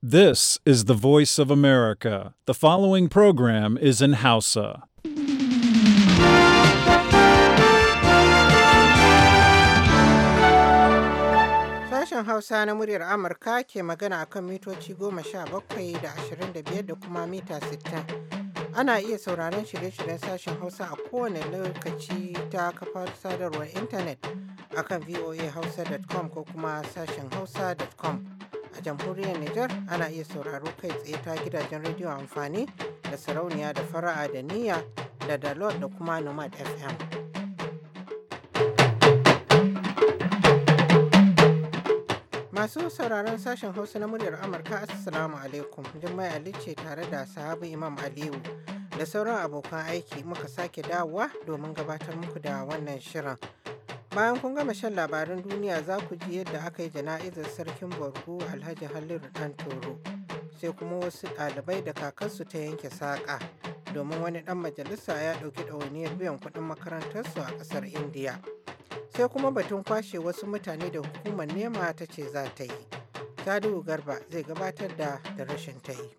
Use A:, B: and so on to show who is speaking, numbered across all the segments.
A: This is the voice of America. The following program is in Hausa.
B: Sashen Hausa na muryar Amurka ke magana akan mitoci goma sha bakwai da ashirin da biyar da kuma mita sittin. Ana iya sauraron shirye-shiryen sashen Hausa a kowane lokaci ta kafar sadarwar intanet akan voahausa.com ko kuma sashen hausa.com. A jamhuriyar Nijar ana iya sauraro kai tsaye ta gidajen rediyo amfani da sarauniya da fara'a da niyya da dalot da kuma nomad FM. Masu sauraron sashen Hausa na muryar Amurka Assalamu alaikum. Jummai Ali ce tare da sahabu Imam Aliyu da sauran abokan aiki muka sake dawowa domin gabatar muku da wannan shirin. Bayan kun gama shan labarin duniya za ku ji yadda aka yi jana'izar sarkin Borgo Alhaji Halliru Dan Toro. Sai kuma wasu ɗalibai da kakarsu ta yanke saƙa domin wani ɗan majalisa ya ɗauki ɗawainiyar biyan kuɗin makarantarsu a ƙasar Indiya. Sai kuma batun kwashe wasu mutane da hukumar nema ta ce za ta yi. Salihu Garba zai gabatar da da rashin ta yi.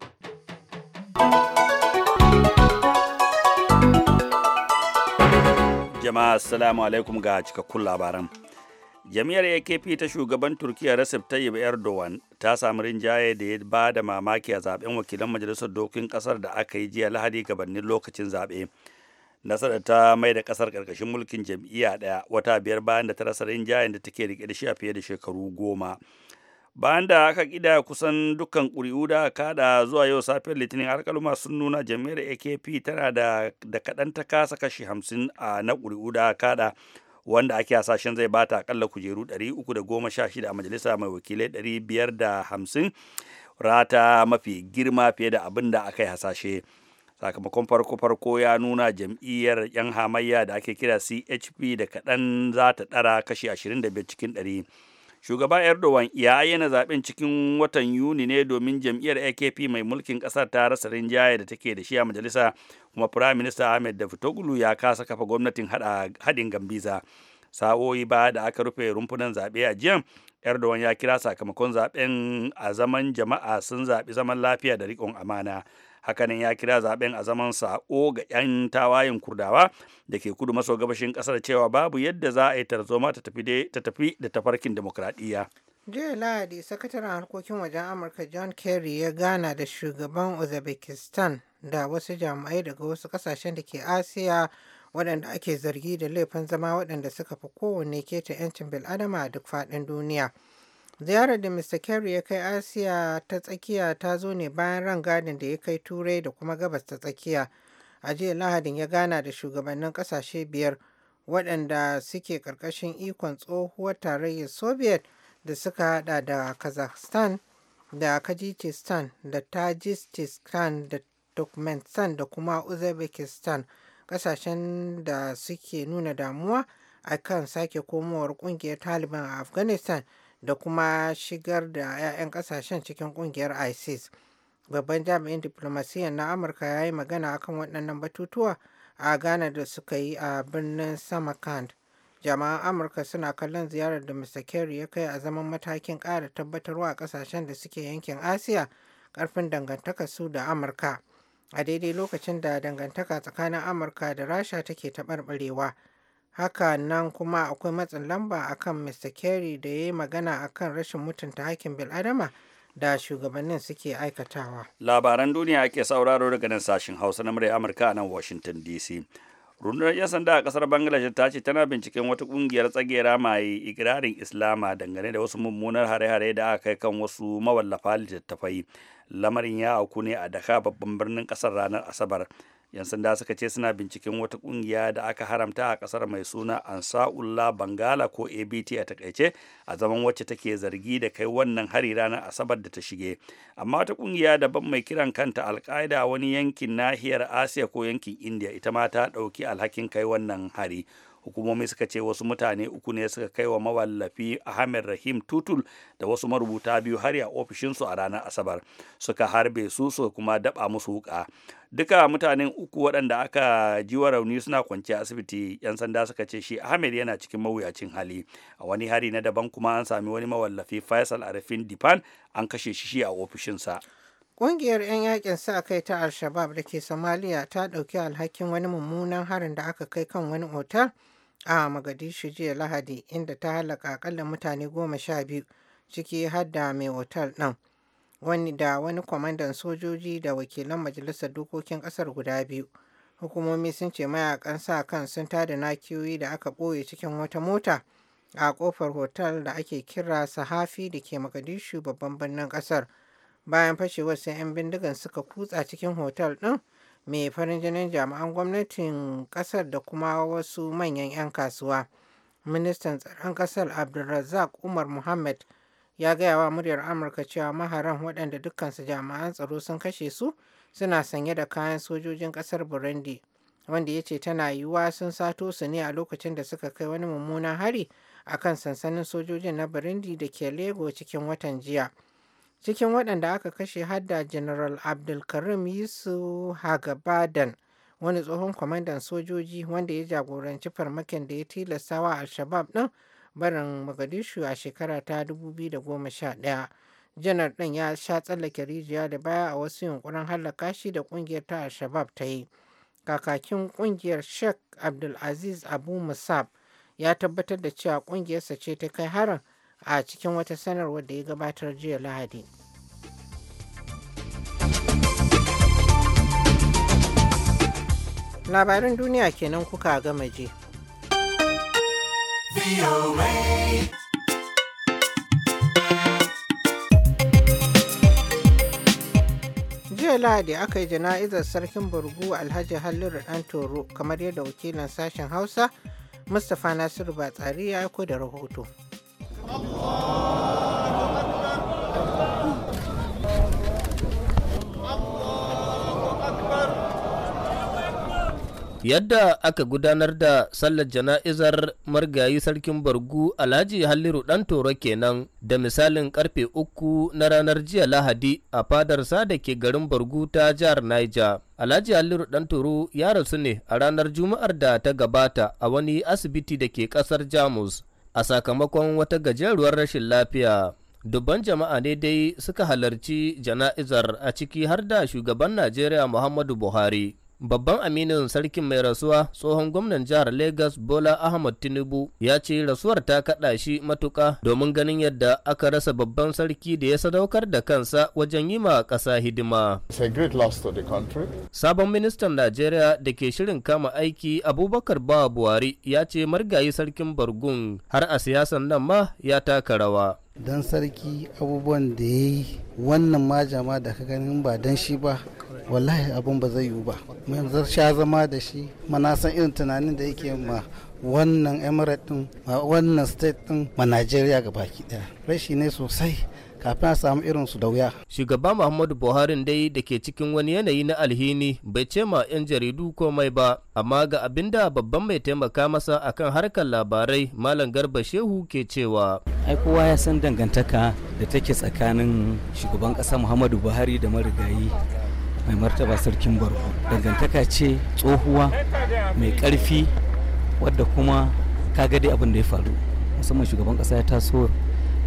C: jama'a assalamu alaikum ga cikakkun labaran jami'ar akp ta shugaban turkiya recep tayyip erdogan ta samu rinjaye da ya ba da mamaki a zaben wakilan majalisar dokin kasar da aka yi jiya lahadi gabanin lokacin zaɓe nasarar ta mai da kasar karkashin mulkin jam'iyya daya wata biyar bayan da ta rasa rinjayen da take rike da shi a fiye da shekaru goma bayan da aka kida kusan dukkan ƙuri'u da aka kada zuwa yau safiyar litinin kaluma sun nuna jami'ar akp tana da kaɗan ta kasa kashi hamsin a na ƙuri'u da aka kada wanda ake hasashen zai bata akalla kujeru da 316 a majalisa mai wakilai biyar da 550 rata mafi girma fiye da abin da aka yi hasashe sakamakon farko-farko ya nuna jam'iyyar 'yan hamayya da ake kira chp da kaɗan za ta ɗara kashi 25 cikin ɗari. shugaba erdogan ya yana zaben cikin watan yuni ne domin jam'iyyar akp mai mulkin kasar ta rasa rinjaye da take da shi a majalisa kuma prime minister ahmed davutoglu ya kasa kafa gwamnatin haɗin gambiza sa'o'i ba da aka rufe rumfunan zaɓe a jiya erdogan ya kira sakamakon zaɓen a zaman jama'a sun zaɓi zaman lafiya da riƙon amana hakanan ya kira zaben a zaman sako ga 'yan tawayen kurdawa da ke kudu maso gabashin kasar cewa babu yadda za a yi tarzoma ta tafi da tafarkin demokradiyya
B: jiya lahadi sakataren harkokin wajen amurka john kerry ya gana da shugaban uzbekistan da wasu jami'ai daga wasu kasashen da ke asiya waɗanda ake zargi da laifin zama waɗanda suka fi kowanne keta 'yancin bil'adama a duk faɗin duniya Ziyarar da Mr. Kerry ya kai Asiya ta tsakiya ta zo ne bayan rangadin da ya kai Turai da kuma Gabas ta tsakiya. A jiya Lahadin ya gana da shugabannin kasashe biyar waɗanda suke ƙarƙashin ikon tsohuwar tarayyar Soviet da suka hada da Kazakhstan da Kajikistan da Tajikistan da Turkmenistan da kuma Uzbekistan kasashen da suke nuna damuwa a kan sake komowar ƙungiyar Taliban a Afghanistan. da kuma shigar da 'ya'yan kasashen cikin kungiyar isis babban jami'in diplomasiyyar na amurka ya yi magana akan waɗannan batutuwa a ghana da suka yi a birnin samarkand jama'an amurka suna kallon ziyarar da mr kerry ya kai a zaman matakin ƙara tabbatarwa a ƙasashen da suke yankin asiya ƙarfin dangantaka su da amurka a daidai lokacin da dangantaka tsakanin amurka da rasha take taɓarɓarewa Haka nan kuma akwai matsin lamba akan Mr. Kerry da ya yi magana akan rashin mutunta hakkin bil'adama da shugabannin suke aikatawa.
C: Labaran duniya ake sauraro daga nan sashen Hausa na murya Amurka a nan Washington DC. rundunar 'yan sanda a kasar bangladesh ta ce tana binciken wata kungiyar tsagera mai ikirarin islama dangane da wasu mummunar hare-hare da aka kai kan wasu mawallafa littattafai lamarin ya auku ne a daka babban birnin kasar ranar asabar yan sanda suka ce suna binciken wata kungiya da aka haramta a kasar mai suna ansa'ulla bangala ko abt a takaice a zaman wacce take zargi da kai wannan hari ranar asabar da ta shige amma wata kungiya daban mai kiran kanta alkaida wani yankin nahiyar asiya ko yankin india ita ma ta dauki alhakin kai wannan hari hukumomi suka ce wasu mutane uku ne suka kai wa mawallafi ahmed rahim tutul da wasu marubuta biyu har ya ofishinsu a ranar asabar suka harbe su suka kuma daba musu wuka duka mutanen uku waɗanda aka ji wa rauni suna kwanciya asibiti yan sanda suka ce shi ahmed yana cikin mawuyacin hali a wani hari na daban kuma an sami wani mawallafi faisal arifin dipan an kashe shi a ofishinsa
B: Ƙungiyar 'yan yakin sa kai ta al da ke Somalia ta ɗauki alhakin wani mummunan harin da aka kai kan wani otal a Magadishu jiya Lahadi inda ta halaka akalla mutane goma sha biyu ciki har da mai otal ɗin. Wani da wani kwamandan sojoji da wakilan majalisar dokokin ƙasar guda biyu. Hukumomi sun ce mayakan sa kan sun tada nakiyoyi da aka ɓoye cikin wata mota a kofar hotel da ake kira Sahafi da ke Magadishu babban birnin ƙasar. Bayan fashewar sai 'yan bindigan suka kutsa cikin hotel ɗin mai farin jinin jami'an gwamnatin kasar da kuma wasu manyan 'yan kasuwa ministan tsaron kasar abdulrazak umar muhammad ya gaya wa muryar amurka cewa maharan waɗanda dukkansu jami'an tsaro sun kashe su suna sanye da kayan sojojin kasar burundi wanda ya ce tana yiwuwa sun sato su ne a lokacin da suka kai wani mummunan hari akan sansanin sojojin na burundi da ke lego cikin watan jiya. Cikin waɗanda aka kashe hadda General Abdulkarim Yusuf Hagabadan, wani tsohon kwamandan sojoji wanda ya jagoranci farmakin da ya tilasta wa Al-Shabab ɗin barin Mogadishu a shekara ta 2011. janar ɗin ya sha tsallake rijiya da baya a wasu yunkurin hallaka shi da ƙungiyar ta al-shabab ta yi kakakin ƙungiyar sheikh abdulaziz abu musab ya tabbatar da cewa ƙungiyarsa ce ta kai harin a cikin wata sanarwar da ya gabatar jiya lahadi labarin duniya kenan kuka gama je jiya lahadi aka yi jana'izar sarkin burgu alhaji halliru dan toro kamar yadda wakilin sashen hausa mustapha nasiru batsari ya aiko da rahoto
D: yadda aka gudanar da sallar jana'izar margayi sarkin bargu alhaji halliru dan toro kenan da misalin karfe uku na ranar jiya lahadi a fadarsa da ke garin bargu ta jihar naija alhaji halliru dan toro ya rasu ne a ranar juma'ar da ta gabata a wani asibiti da ke kasar jamus a sakamakon wata gajeruwar rashin lafiya. Dubban jama'a ne dai suka halarci jana'izar a ciki har da shugaban Najeriya Muhammadu Buhari. Babban aminin sarkin mai rasuwa tsohon gwamnan jihar Lagos Bola Ahmad Tinubu ya ce rasuwar ta kaɗa shi matuƙa domin ganin yadda aka rasa babban sarki da ya sadaukar da kansa wajen yi ma ƙasa hidima. Sabon ministan Najeriya da ke shirin kama aiki Abubakar Bawa Buhari ya ce margayi sarkin Bargun har a siyasan nan ma ya taka rawa.
E: Dan sarki abubuwan da ya yi wannan majama da ka ganin ba dan shi ba wallahi abun ba zai yiwu ba mun sha zama da shi mana san irin tunanin da yake ma wannan emirate din ma wannan state din ma najeriya ga baki daya rashi ne sosai kafin a samu irin su da wuya
D: shugaba muhammadu buhari dai da ke cikin wani yanayi na alhini bai ce ma 'yan jaridu komai ba amma ga abin da babban mai taimaka masa akan harkar labarai malam garba shehu ke cewa
E: ai kowa ya san dangantaka da take tsakanin shugaban ƙasa muhammadu buhari da marigayi mai martaba sarkin barko dangantaka ce tsohuwa mai karfi wadda kuma ka dai abin da ya faru musamman shugaban kasa ya taso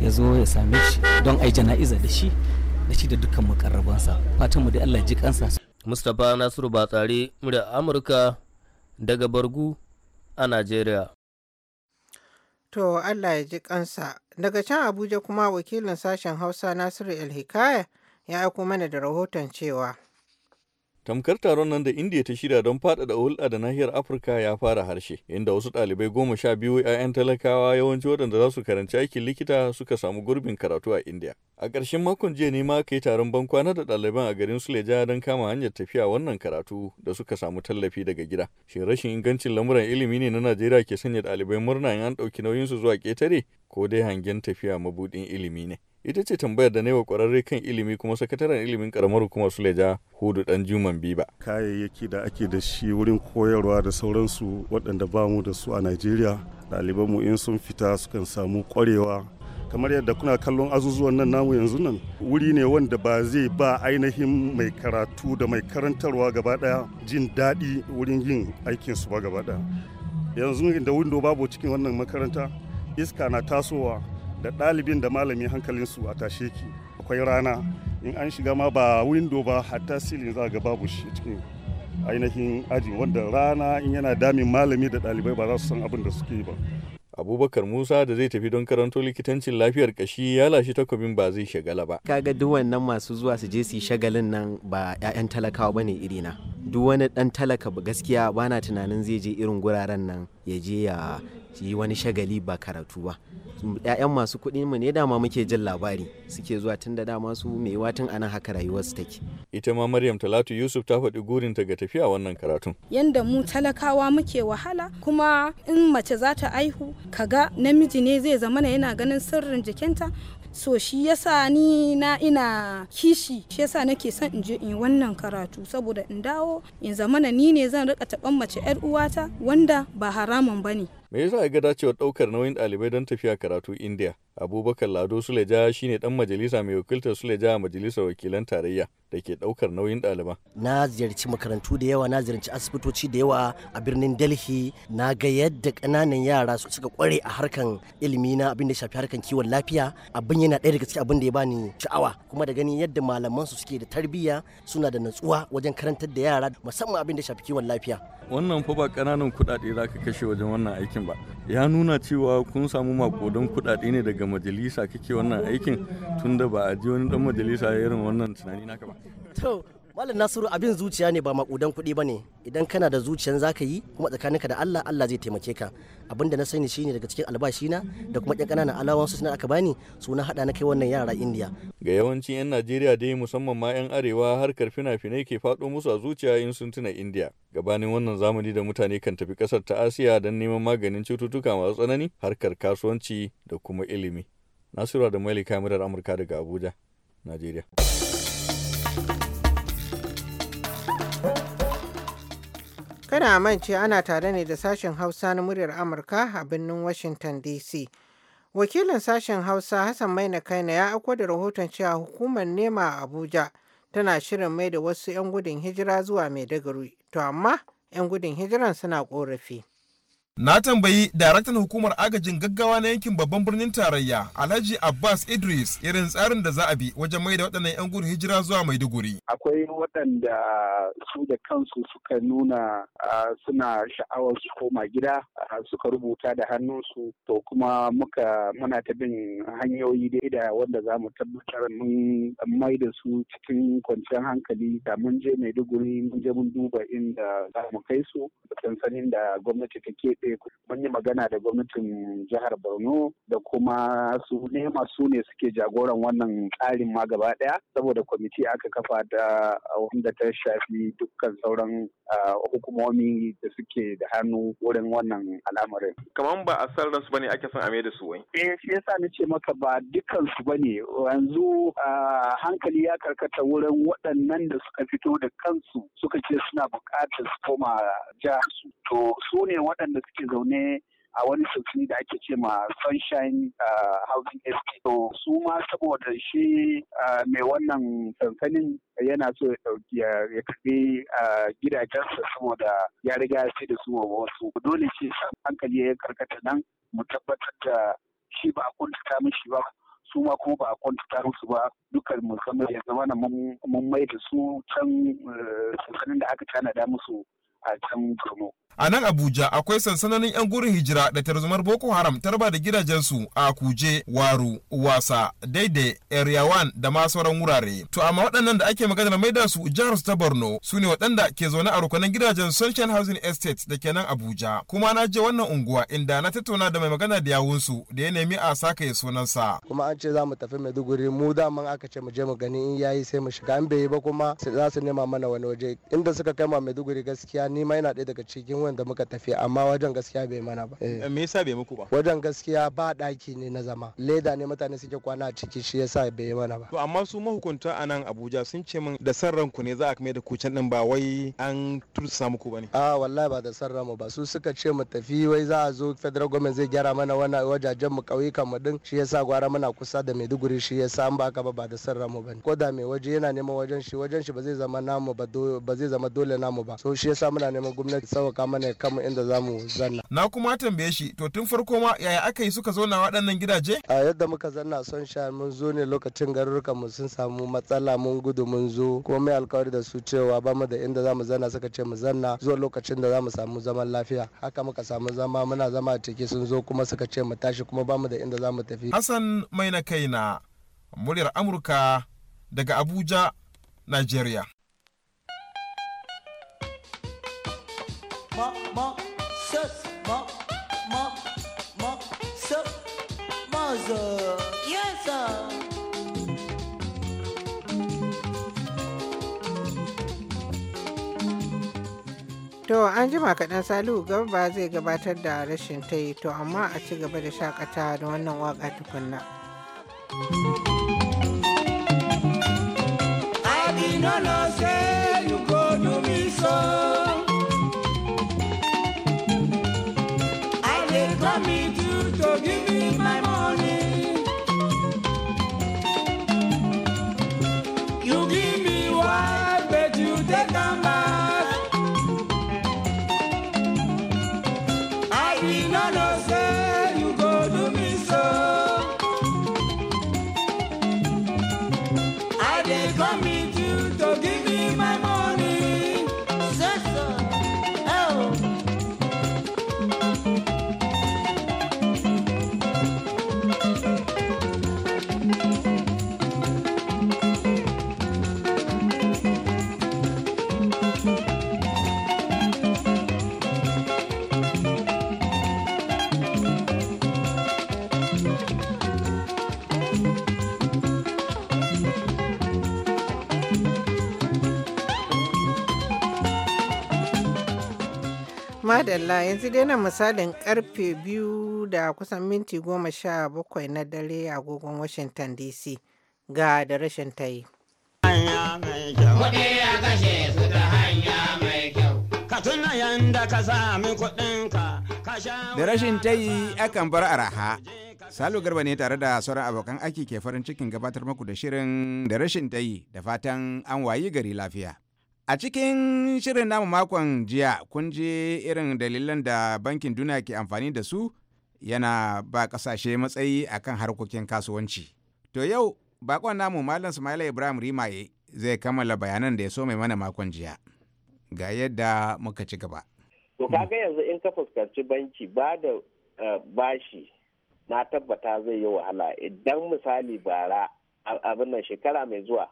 E: ya zo ya same shi don ai jana'iza da shi da shi da
D: dukkan makarrabansa
E: fatanmu da Allah ji kansa
D: Mustapha Nasiru Batsari murya Amurka daga Bargu a Najeriya
B: To Allah ya ji kansa daga can Abuja kuma wakilin sashen Hausa Nasiru El ya aiko mana da rahoton cewa
F: tamkar taron nan da indiya ta shirya don faɗaɗa hulɗa da nahiyar afirka ya fara harshe inda wasu ɗalibai goma sha biyu 'ya'yan talakawa yawanci waɗanda za su karanci aikin likita suka samu gurbin karatu a indiya a ƙarshen makon jiya ne ma aka yi taron bankwana da ɗaliban a garin suleja don kama hanyar tafiya wannan karatu da suka samu tallafi daga gida shin rashin ingancin lamuran ilimi ne na najeriya ke sanya ɗalibai murna in an ɗauki nauyinsu zuwa ƙetare ko dai hangen tafiya mabuɗin ilimi ne ita ce tambayar da na yi wa kwararre kan ilimi kuma sakataren ilimin karamar hukumar suleja hudu dan juman biba kayayyaki da ake da shi wurin koyarwa da sauransu waɗanda ba mu da su a najeriya mu in sun fita sukan
C: samu ƙwarewa kamar yadda kuna kallon azuzuwan nan namu yanzu nan wuri ne wanda ba zai ba ainihin mai karatu da mai karantarwa gaba ɗaya jin daɗi wurin yin aikinsu ba gaba ɗaya yanzu da windo babu cikin wannan makaranta iska na tasowa da ɗalibin da malami hankalinsu a tashe ki akwai rana in an shiga ma ba windo ba hatta ceiling za ga babu shi cikin ainihin aji wanda
F: rana in yana damin malami da ɗalibai ba za su san abin da suke ba abubakar musa da zai tafi don karanto likitancin lafiyar kashi ya lashe takobin ba zai shagala ba kaga duk wannan masu zuwa su je su shagalin nan ba 'ya'yan talakawa bane irina duk wani dan talaka ba gaskiya
E: bana tunanin zai je irin guraren nan ya je ya yi wani shagali ba karatu ba
F: 'ya'yan masu kuɗi mu ne dama muke jin labari suke zuwa tun da dama su mai watan ana haka rayuwar take ita ma maryam talatu yusuf ta faɗi gurin ta ga tafiya wannan karatun
C: yanda mu talakawa muke wahala kuma in mace za ta aihu kaga namiji ne zai zamana yana ganin sirrin jikinta so shi yasa ni na ina kishi shi yasa nake son in je in wannan karatu saboda in dawo in zamana ni ne zan rika taɓan mace 'yar uwata wanda ba haramun bane
F: Me yasa ya ga dacewar ɗaukar nauyin ɗalibai don tafiya karatu India? Abubakar Lado Suleja shine ɗan majalisa mai wakiltar Suleja a majalisar wakilan tarayya da ke ɗaukar nauyin ɗaliban.
E: Na ziyarci makarantu da yawa, na ziyarci asibitoci da yawa a birnin Delhi, na ga yadda ƙananan yara suka kware a harkan ilimi na abin da shafi harkan kiwon lafiya. Abin yana ɗaya daga cikin abin da ya bani sha'awa, kuma da ganin yadda malaman su suke da tarbiyya suna da natsuwa wajen karantar da yara musamman abin da shafi kiwon lafiya.
F: Wannan fa ba ƙananan kuɗaɗe za ka kashe wajen wannan aikin aikin ba ya nuna cewa kun samu makodan kuɗaɗe ne daga majalisa kake wannan aikin tunda ba a ji wani dan majalisa irin wannan tunani naka ba
E: Malam Nasiru abin zuciya ne ba makudan kuɗi ba ne idan kana da zuciyan za ka yi kuma tsakaninka da Allah Allah zai taimake ka abin da na sani shi shine daga cikin albashina da kuma ƙyan ƙananan alawansu na aka bani su na haɗa na kai wannan yara Indiya.
F: Ga yawancin 'yan Najeriya dai musamman ma 'yan arewa harkar fina-finai ke faɗo musu a zuciya in sun tuna Indiya. Gabanin wannan zamani da mutane kan tafi ƙasar ta Asiya don neman maganin cututtuka masu tsanani harkar kasuwanci da kuma ilimi. Nasiru da Malika Murar Amurka daga Abuja, Najeriya.
B: Kada mance ana tare ne da sashen Hausa na muryar Amurka a birnin Washington DC. Wakilin sashen Hausa Hassan Maina Kaina ya aiko da rahoton cewa hukumar nema a Abuja tana shirin mai da wasu 'yan gudun hijira zuwa Maiduguri. To amma 'yan gudun hijiran suna korafi.
A: Na tambayi daraktan hukumar agajin gaggawa na yankin babban birnin tarayya Alhaji Abbas Idris irin tsarin da za a bi wajen mai da waɗannan 'yan gudun hijira zuwa Maiduguri.
G: Akwai waɗanda su da kansu suka nuna suna sha'awar su koma gida suka rubuta da hannunsu to kuma muka muna ta bin hanyoyi dai da wanda za mu tabbatar mun mai da su cikin kwanciyar hankali da mun je Maiduguri mun je mun duba inda za mu kai su da sansanin da gwamnati take buɗe mun yi magana da gwamnatin jihar Borno da kuma su nema masu ne suke jagoran wannan tsarin ma gaba ɗaya saboda kwamiti aka kafa da wanda ta shafi dukkan sauran hukumomi da suke da hannu wurin wannan al'amarin.
A: Kamar ba a san ransu bane ake son a da su wai.
G: Eh shi yasa na ce maka ba dukkan su bane yanzu hankali ya karkata wurin waɗannan da suka fito da kansu suka ce suna buƙatar su koma jihar su. To su ne waɗanda suke zaune a wani sansani da ake ce ma sunshine ah, housing estate su ma saboda shi ah, mai wannan sansanin yana so ya ɗauki ya karɓi ah, gidajensa saboda ya riga ya sai da su wa wasu dole ce hankali ya karkata nan mu tabbatar da shi ba a kuntata mishi ba su ma kuma ba a ta musu ba dukkan musamman ya zama na mun mai da su can eh, sansanin da aka tanada musu a can
A: A nan Abuja akwai sansanonin 'yan gurin hijira da tarzomar Boko Haram tarba da gidajensu a Kuje, Waru, Wasa, Daidai, Eryawan da ma sauran wurare. To amma waɗannan da ake maganar maida su jihar su ta Borno su ne waɗanda ke zaune a rukunin gidajen Sunshine Housing Estate da ke nan Abuja. Kuma na je wannan unguwa inda na tattauna da mai magana da yawunsu da ya nemi a saka ya sunansa.
E: Kuma an ce za mu tafi Maiduguri mu daman aka ce mu je mu gani in yayi sai mu shiga an bai ba kuma za su nema mana wani waje inda suka kai ma Maiduguri gaskiya ni ma yana ɗaya daga cikin wanda muka tafi amma wajen gaskiya bai mana ba eh.
A: me yasa bai muku ba
E: wajen gaskiya ba ɗaki ne na zama leda ne mutane suke kwana a ciki shi yasa bai mana ba
A: to amma su mahukunta a nan Abuja
E: sun ce min da san ranku ne za a mai da kucin din ba wai an tursa muku bane a wallahi ba da san ranmu ba su suka ce mu tafi wai za a zo federal government zai gyara mana wannan wajajen mu kauyukan mu din shi yasa gwara muna kusa da Maiduguri shi yasa an baka ba ba da san ranmu bane ko da mai waje yana neman wajen shi wajen shi ba zai zama namu ba ba zai zama dole namu ba so shi yasa muna neman gwamnati sauka mana ya kama inda za mu zanna. Na kuma tambaye shi to tun farko ma yaya aka yi suka zauna waɗannan gidaje? A yadda muka zanna son sha mun zo ne lokacin garurukan mu sun samu matsala mun gudu mun zo kuma mai alkawari da su cewa ba mu da inda za mu zanna suka ce mu zanna zuwa lokacin da za mu samu zaman lafiya haka muka samu zama muna zama a ciki sun zo kuma suka ce mu tashi kuma ba mu da inda za mu tafi.
A: Hassan mai na kai na muryar Amurka daga Abuja, Najeriya.
B: To an jima kaɗan Salihu gaba zai gabatar da rashin ta to amma a ci gaba da shakata da wannan waka tukunna. I did not know say you so. Dalla yanzu dai na misalin karfe biyu da kusan minti goma sha bakwai na dare a agogon washington dc ga da rashin ta yi
H: da rashin ta yi akan bar araha Salo Garba ne tare da sauran abokan aiki ke farin cikin gabatar muku da shirin da rashin ta yi da fatan an wayi gari lafiya. A cikin shirin namu makon jiya kun je irin dalilan da bankin duniya ke amfani da su yana ba kasashe matsayi a kan harkokin kasuwanci. To yau bakon namu Malam Sumaila Ibrahim Rimaye zai kammala bayanan da ya so mai mana makon jiya. Ga yadda muka ci gaba.
I: To kaga yanzu in ka fuskanci banki ba da eh, bashi na tabbata zai yi wahala idan misali bara abin nan shekara mai zuwa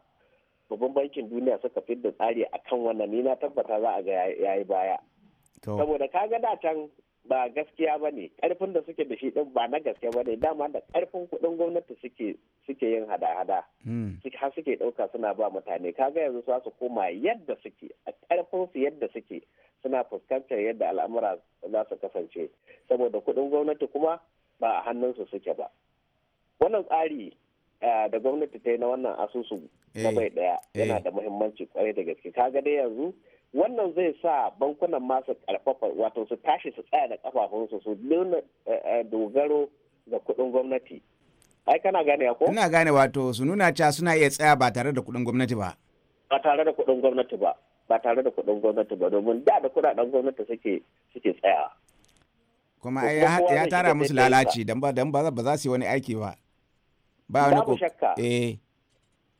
I: babban bankin duniya suka da tsari a kan wannan ni na tabbata za a ga ya yi baya saboda ka ga da can ba gaskiya ba ne karfin da suke da shi din ba na gaskiya ba ne dama da karfin kuɗin gwamnati suke yin hada-hada hmm. ha suke ɗauka suna ba mutane ka kaga yanzu su su koma yadda suke a karfin su yadda suke suna fuskantar yadda al'amura za su kasance saboda kuɗin gwamnati kuma ba a hannunsu suke ba wannan tsari da gwamnati ta yi na wannan asusu eh. na bai daya eh. yana da muhimmanci kwarai da gaske kaga dai yanzu wannan zai sa bankunan masu karfafa wato su tashi su tsaya da kafafunsu su nuna eh, dogaro ga kudin gwamnati ai kana gane ko ina
H: gane wato su nuna cewa suna iya tsaya ba tare da kudin gwamnati ba
I: ba tare da kudin gwamnati ba ba tare da kudin gwamnati ba domin da da kudaden gwamnati suke suke tsaya
H: kuma ya tara musu lalaci dan ba dan ba za su yi wani aiki ba ba wani babu shakka eh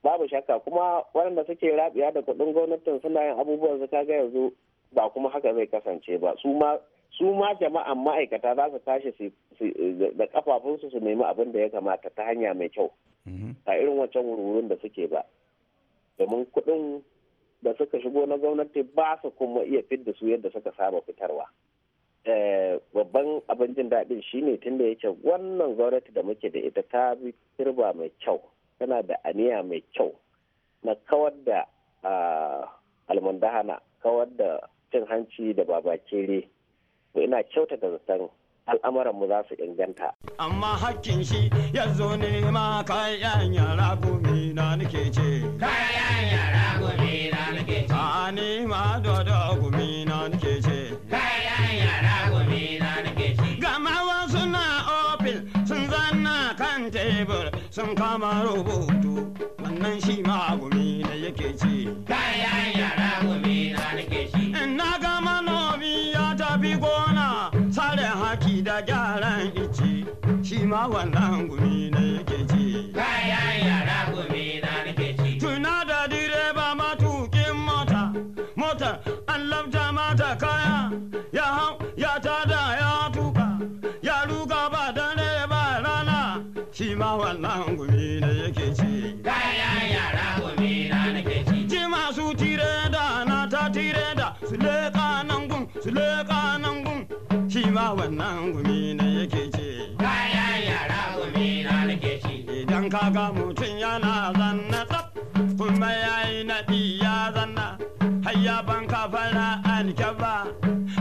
I: babu shakka kuma waɗanda suke rabiya da kuɗin gwamnatin suna yin abubuwan su kaga yanzu ba kuma haka zai kasance ba su ma su ma jama'an ma'aikata za su tashi da kafafunsu su nemi abin da ya kamata ta hanya mai kyau mhm. a irin wancan wurwurin da suke ba domin kuɗin da suka shigo na gwamnati ba su kuma iya fidda su yadda suka saba fitarwa. Eh, babban abin jin daɗin shine tunda yake wannan gwamnati da muke da ita ta bi turba mai kyau tana da aniya mai kyau na kawar da ah, almundahana kawar da cin hanci da babakere ko ina kyauta kyautata zaton al'amuran mu za su inganta.
J: Amma hakkin shi ya zo ne ma kayan yara gumi na nake ce. Kayan yara gumi na nake ce. ma dodo sun kama rubutu wannan shi ma gumi da yake ci kayan yara gumi na nake shi in na ga manomi ya tafi gona sare haki da gyaran ici shi ma wannan gumi da yake yara wannan gumi na yake ce kayan yara gumi na nake ci idan kaga mutum yana zanna tsab kuma yayi naɗi ya zanna hayya ban an alkyaba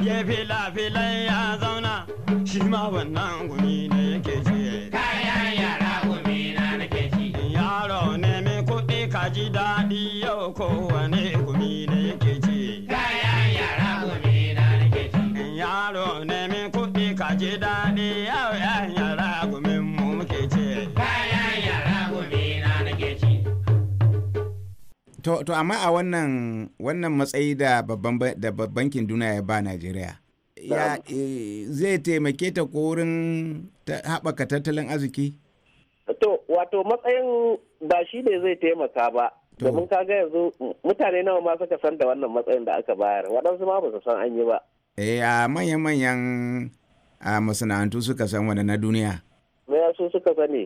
J: ya fila ya zauna shi ma wannan gumi na yake ce kayan yara gumi na nake ci yaro ne mai kuɗi ka ji daɗi yau ko
H: to, to amma a wannan wannan matsayi da babban da bankin duniya ya ba Najeriya ya eh, zai taimake ta ko wurin haɓaka tattalin arziki?
I: To wato matsayin ba shi ne zai taimaka ba domin ka ga yanzu mutane nawa ma suka san da wannan matsayin da aka bayar waɗansu ma ba su san an yi ba.
B: Eh
H: a manyan manyan a masana'antu suka san wani na duniya.
I: Me su suka sani?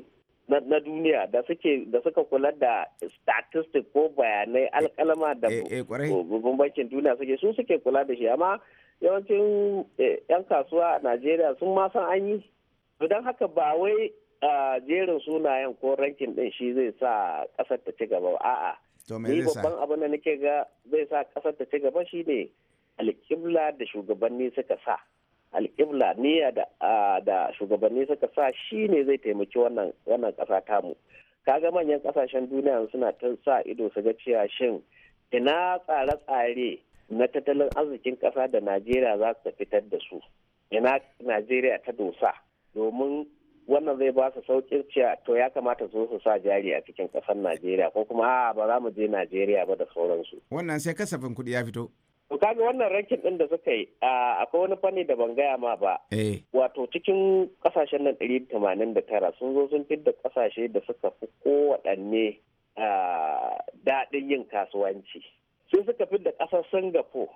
I: na duniya da suke da suka kula da statistics ko bayanai eh, alkalama da eh, eh, bambancin duniya suke su suke kula da shi amma yawancin 'yan kasuwa a najeriya sun ma san an yi don haka ba wai jerin sunayen ko rankin din shi zai sa kasar ta ci gaba a'a ni babban abin da nake ga zai sa kasar ta ci gaba shine alƙibla da shugabanni suka sa alƙibla niyya da shugabanni suka sa shi ne zai taimaki wannan ƙasa tamu kaga manyan ƙasashen duniya suna ta sa ido su ga cewa shin ina tsare-tsare na tattalin arzikin ƙasa da najeriya za su fitar da su ina najeriya ta dosa domin wannan zai ba su sauƙin cewa to ya kamata su su sa jari a cikin ƙasar najeriya ko kuma a ba za mu je najeriya ba da sauransu
H: wannan sai kasafin kuɗi ya fito
I: To kaga wannan rankin din da suka yi akwai wani fanni da ban gaya ma ba. Eh. Wato cikin kasashen nan ɗari tamanin da tara sun zo sun fidda kasashe da suka fi kowaɗanne daɗin yin kasuwanci. Sun suka fidda ƙasar Singapore.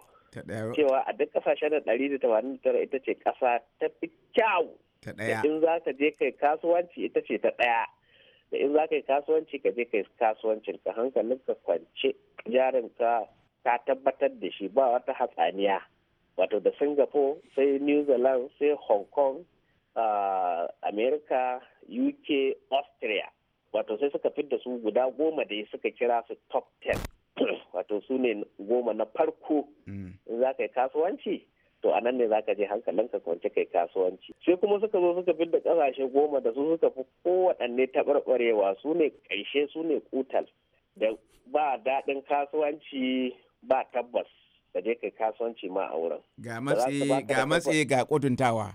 I: Cewa a duk kasashen nan ɗari da tamanin da tara ita ce ƙasa ta fi kyawu. Ta ɗaya. In za ka je kai kasuwanci ita ce ta ɗaya. Da in za ka yi kasuwanci ka je kai kasuwancin ka hankalin ka kwance jarin ka ka tabbatar da shi ba wata hatsaniya wato da singapore sai new zealand sai hong kong america uk austria wato sai suka fidda su guda goma da suka kira su top 10 wato su ne goma na farko mm. za ka yi kasuwanci to anan ne za ka je hankalinka kwance kai kasuwanci sai kuma suka zo suka fidda kasashe goma da su suka fi kowaɗanne taɓarɓarewa su ne ƙarshe su ne kutal da ba daɗin kasuwanci ba tabbas ka je kai kasuwanci ma a wurin ga
H: matsi ga kuduntawa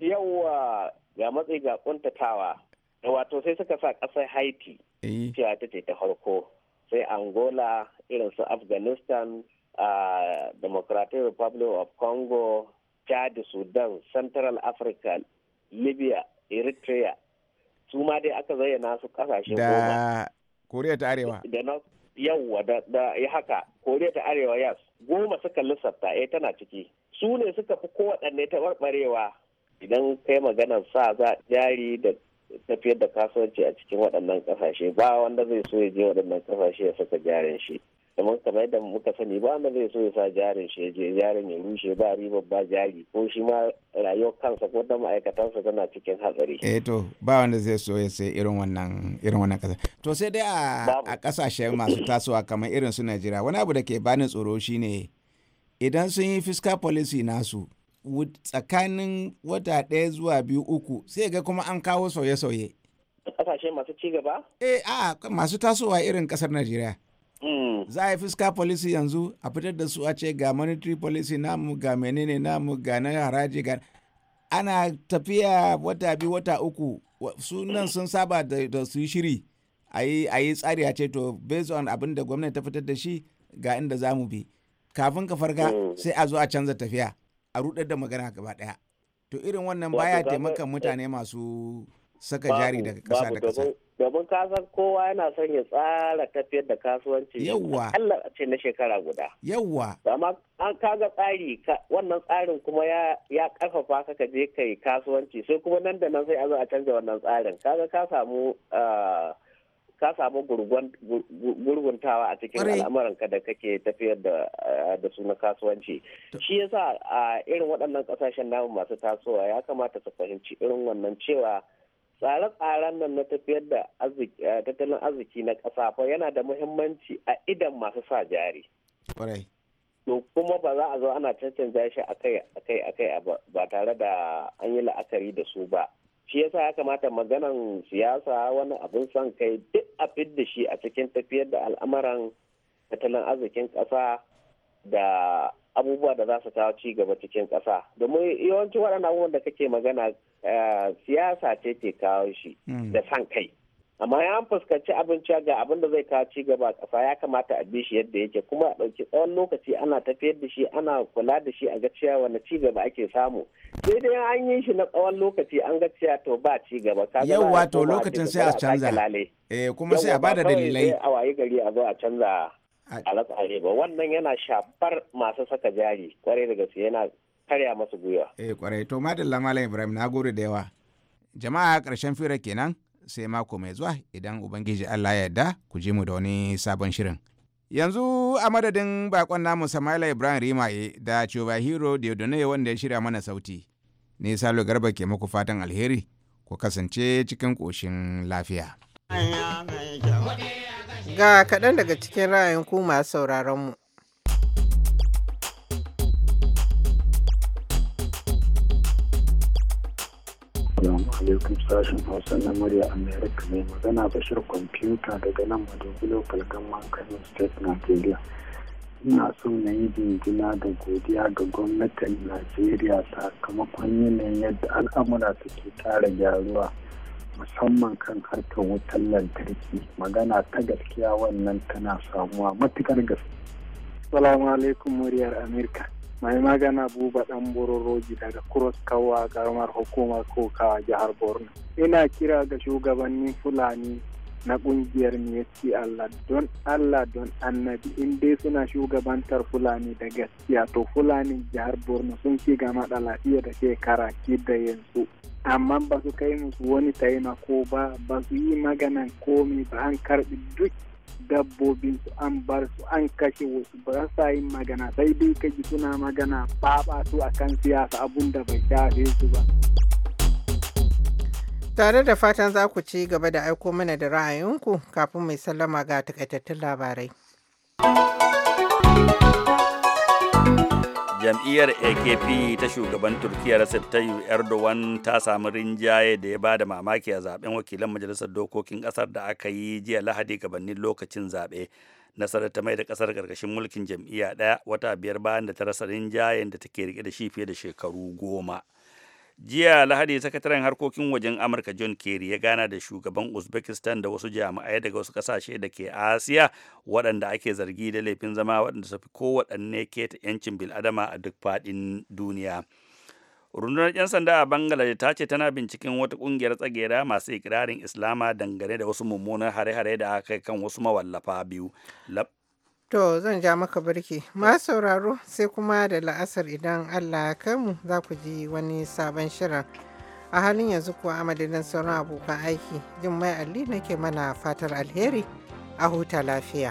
I: Yawwa ga matsi ga kuntatawa wato sai suka sa kasar haiti eh. cewa ta ce ta farko sai angola irin su afghanistan a democratic republic of congo chad sudan central africa libya eritrea su ma dai aka zayyana su kasashe goma da
H: koriya ta arewa
I: yawwa da, da ya eh, haka koriya ta arewa yas goma suka lissafta eh tana ciki su ne suka fi kowaɗanne barbarewa idan kai maganar sa za jari da tafiyar da kasuwanci a cikin waɗannan ƙasashe ba wanda zai so ya je waɗannan ƙasashe ya saka jarin shi domin kamar yadda muka sani ba wanda zai so ya sa jarin shi je jarin ya rushe ba riba ba jari ko shi ma rayuwar kansa ko da ma'aikatansa tana cikin hatsari eh
H: to ba wanda zai so ya sai irin wannan irin wannan kasa to sai dai a kasashe masu tasowa kamar irin su Najeriya wani abu da ke bani tsoro shine idan sun yi fiscal policy nasu tsakanin wata ɗaya zuwa biyu uku sai ga kuma an kawo sauye-sauye
I: kasashe masu ci gaba eh a masu
H: tasowa irin kasar Najeriya za a yi fiska policy yanzu a fitar da su a ce ga monetary policy namu ga menene namu ga na haraji ga ana tafiya wata biyu wata uku sunan sun saba da su yi shiri a yi tsari a ce to based on abin da gwamnati ta fitar da shi ga inda za mu bi kafin ka farga mm. sai a zo a canza tafiya a rudar da magana gaba daya to irin wannan baya taimakan mutane eh, masu saka jari daga kasa da kasa
I: domin kasan kowa yana son ya tsara tafiyar da kasuwanci yawwa Allah ce na shekara guda yawwa amma an kaga tsari wannan tsarin kuma ya ya karfafa ka ka je kai kasuwanci sai kuma nan da nan sai a zo a canza wannan tsarin kaga ka samu ah, ka samu gurguntawa a cikin al'amuran ka da kake tafiyar da ah, su na kasuwanci shi yasa a irin waɗannan kasashen namu masu tasowa ya kamata su fahimci irin wannan cewa tsare-tsaren nan na tafiyar da eh, tattalin arziki na ƙasa fa yana da muhimmanci a idan masu sa jari. To kuma ba za a zo ana cancanza shi akai akai ba tare da an yi la'akari da su ba. Shi yasa ya kamata maganan siyasa wani abin son kai duk a fidda shi a cikin tafiyar da al'amuran tattalin arzikin ƙasa da abubuwa da za su kawo ci gaba cikin ƙasa domin yawancin waɗannan abubuwan da kake magana eh, siyasa ce ke kawo shi hmm. da san kai amma ya fuskanci abinci ga abin da zai kawo ci gaba kasa ƙasa ya kamata a bi shi yadda yake kuma a ɗauki tsawon lokaci ana tafiyar da shi ana kula da shi a ga cewa wani ci gaba ake samu sai dai an yi shi na tsawon lokaci an ga cewa to ba ci gaba ka yau wato lokacin sai a canza
H: eh, kuma sai a bada dalilai
I: a waye gari a zo a canza alatsare ba wannan yana shafar masu saka jari kwarai daga gaske yana karya masu gwiwa
H: eh kwarai to madalla malam ibrahim na gode da yawa jama'a a karshen fira kenan sai mako mai zuwa idan ubangiji allah ya yarda ku je mu da wani sabon shirin yanzu a madadin bakon namu samaila ibrahim rimaye da chuba hero deodone wanda ya shirya mana sauti ne salo garba ke muku fatan alheri ku kasance cikin ƙoshin
B: lafiya. Ga kaɗan daga cikin ra'ayin ku masu sauraron mu.
G: alaikum sashen hausa na murya amerika mai magana bashir kwamfuta daga nan madobi local government kano state nigeria ina so na yi jinjina da godiya ga gwamnatin najeriya sakamakon yanayin yadda al'amura suke tara gyaruwa musamman kan harkar wutar lantarki magana ta gaskiya wannan tana samuwa matukar gaske. Salamu alaikum muryar Amerika. Mai magana buba dan bororoji daga Kuros Kawa garmar hukumar Kokawa jihar Borno. Ina kira ga shugabannin Fulani na kungiyar miyatti Allah don Allah don annabi in dai suna shugabantar Fulani da gaskiya to Fulani jihar Borno sun shiga gama da lafiya da shekara kida da yanzu amma ba su kai musu wani taimako ba ba su yi maganan komai ba an karbi duk dabbobin su an bar su an kashe wasu ba sa yin magana sai dai kaji suna magana ba su akan siyasa abun da bai shafe su ba.
B: Tare da fatan za ku ci gaba da aiko mana da ra'ayinku kafin mai sallama ga takaitattun labarai.
C: jam'iyyar akp ta shugaban turkiyya recep tayyip erdogan ta samu rinjaye da ya ba da mamaki a zaben wakilan majalisar dokokin kasar da aka yi jiya lahadi gabanin lokacin zaɓe nasarar ta mai da kasar karkashin mulkin jam'iyya ɗaya wata biyar bayan da ta rasa rinjayen da take rike da shi fiye da shekaru goma jiya lahadi sakataren harkokin wajen amurka john kerry ya gana da shugaban uzbekistan da wasu jami'ai daga wasu kasashe da ke asiya waɗanda ake zargi da laifin zama waɗanda su fi kowaɗanne keta 'yancin bil'adama a duk faɗin duniya rundunar 'yan sanda a bangladesh ta ce tana binciken wata ƙungiyar tsagera masu ikirarin islama dangane da wasu mummunan hare-hare da aka kan wasu mawallafa biyu
B: To zan ja maka barki. Ma sauraro sai kuma da la'asar idan Allah ya kai mu za ku ji wani sabon shirin. A halin yanzu kuwa a madadin sauran abokan aiki, jin mai Ali nake mana fatar alheri a huta lafiya.